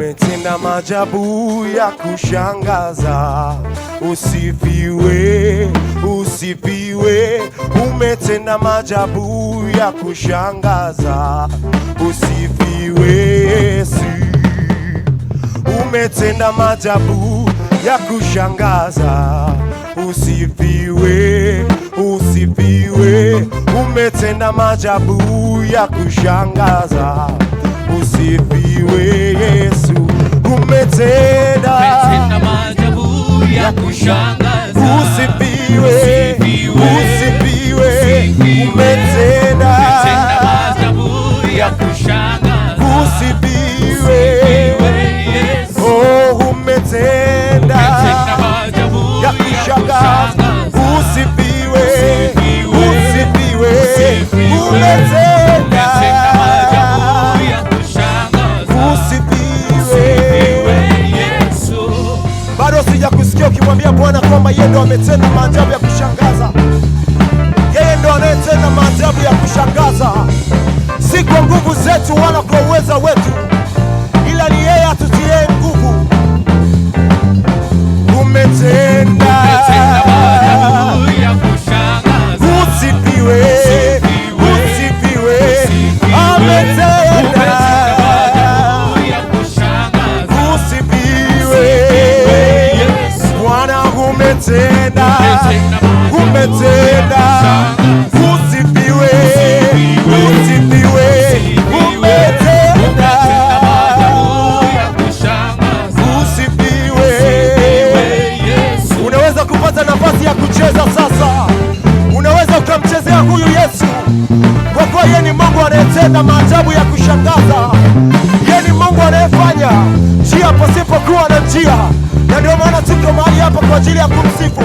umetenda majabu ya kushangaza, usifiwe, usifiwe. Umetenda majabu ya kushangaza, usifiwe Yesu. Umetenda majabu ya kushangaza, usifiwe, usifiwe. Umetenda majabu ya kushangaza, usifiwe Yesu umetenda maajabu ya kushangaza. Usifiwe, usifiwe, umetenda maajabu ya kushangaza. Usifiwe, oh, umetenda maajabu ya kushangaza. Usifiwe, usifiwe, umetenda ukimwambia Bwana kwamba yeye ndo ametenda maajabu ya kushangaza, yeye ndo anayetenda maajabu ya kushangaza, si kwa nguvu zetu wala kwa uweza wetu, ila ni yeye atutie nguvu. Umetenda umetenda, usifiwe, usifiwe, kupata nafasi ya kucheza sasa, unaweza ukamchezea huyu Yesu kwa kuwa yeye ni Mungu anayetenda maajabu ya kushangaza. Yeye ni Mungu anayefanya njia pasipokuwa na njia, na ndio maana tuko mahali hapa kwa ajili ya kumsifu.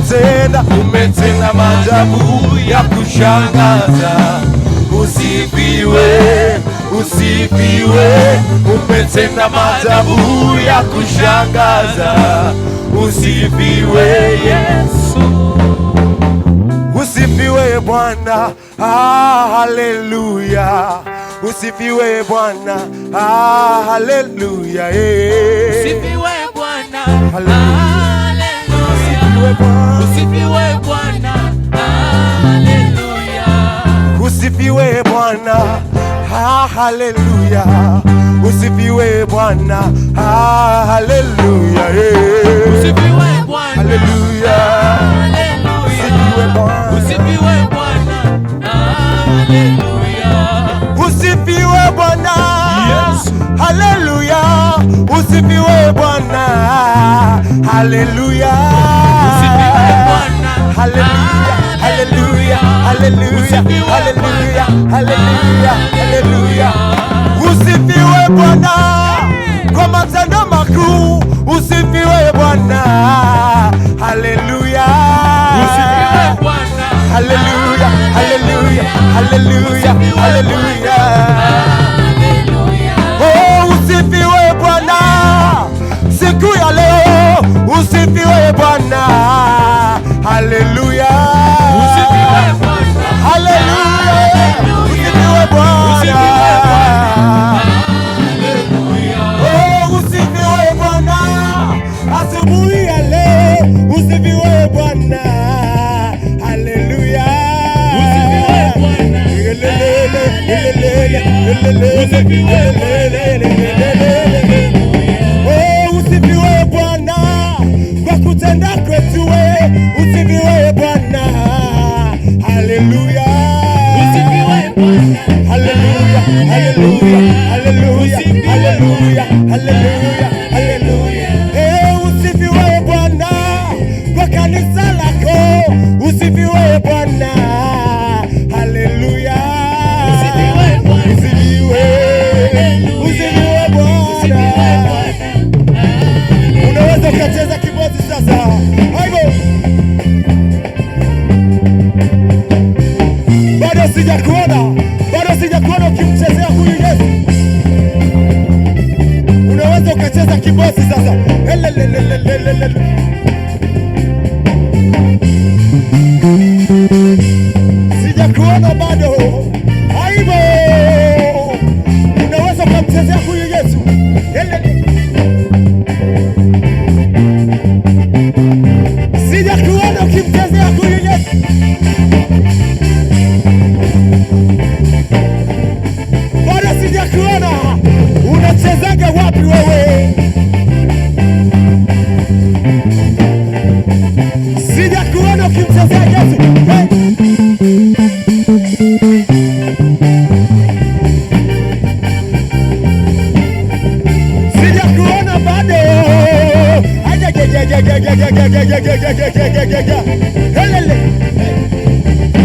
umetenda, umetenda maajabu ya kushangaza. Usifiwe, usifiwe, umetenda maajabu ya kushangaza. Usifiwe Yesu, usifiwe Bwana. Ah, haleluya. Usifiwe Bwana. Ah, haleluya. Hey. Usifiwe Bwana. Haleluya. haleluya, usifiwe Bwana, ah, haleluya, usifiwe Bwana, haleluya, usifiwe Bwana, haleluya, usifiwe Bwana, haleluya, usifiwe Bwana, haleluya, usifiwe Bwana, haleluya haleluya, haleluya, haleluya, haleluya, haleluya. Usifiwe Bwana kwa matendo makuu, usifiwe Bwana, haleluya, haleluya, haleluya, haleluya, haleluya. Oh, siku ya leo usifiwe Bwana, haleluya. za kibosi sasa.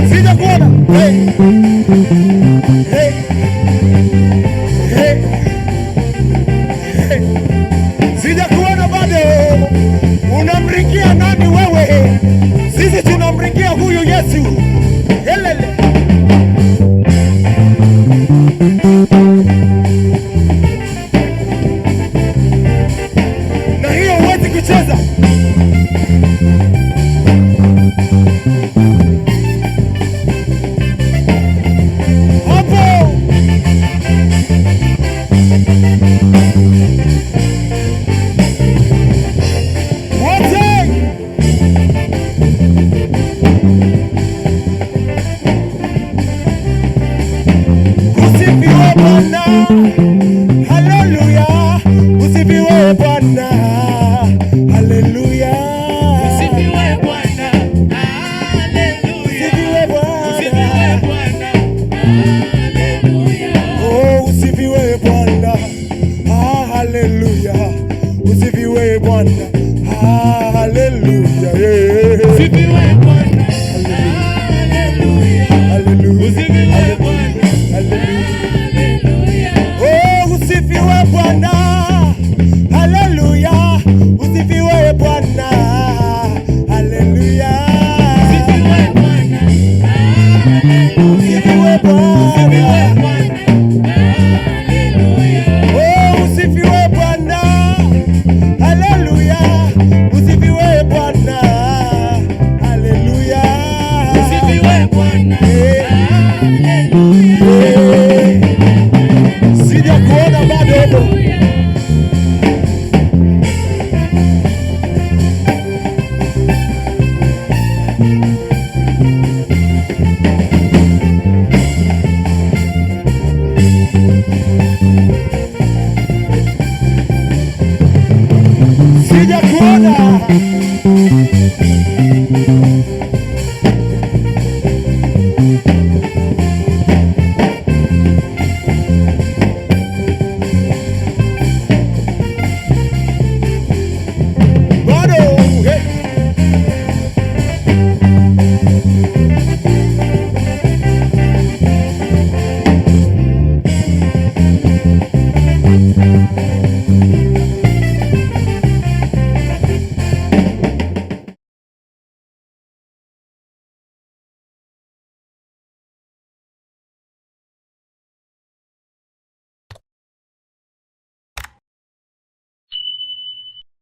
Sijakuona. you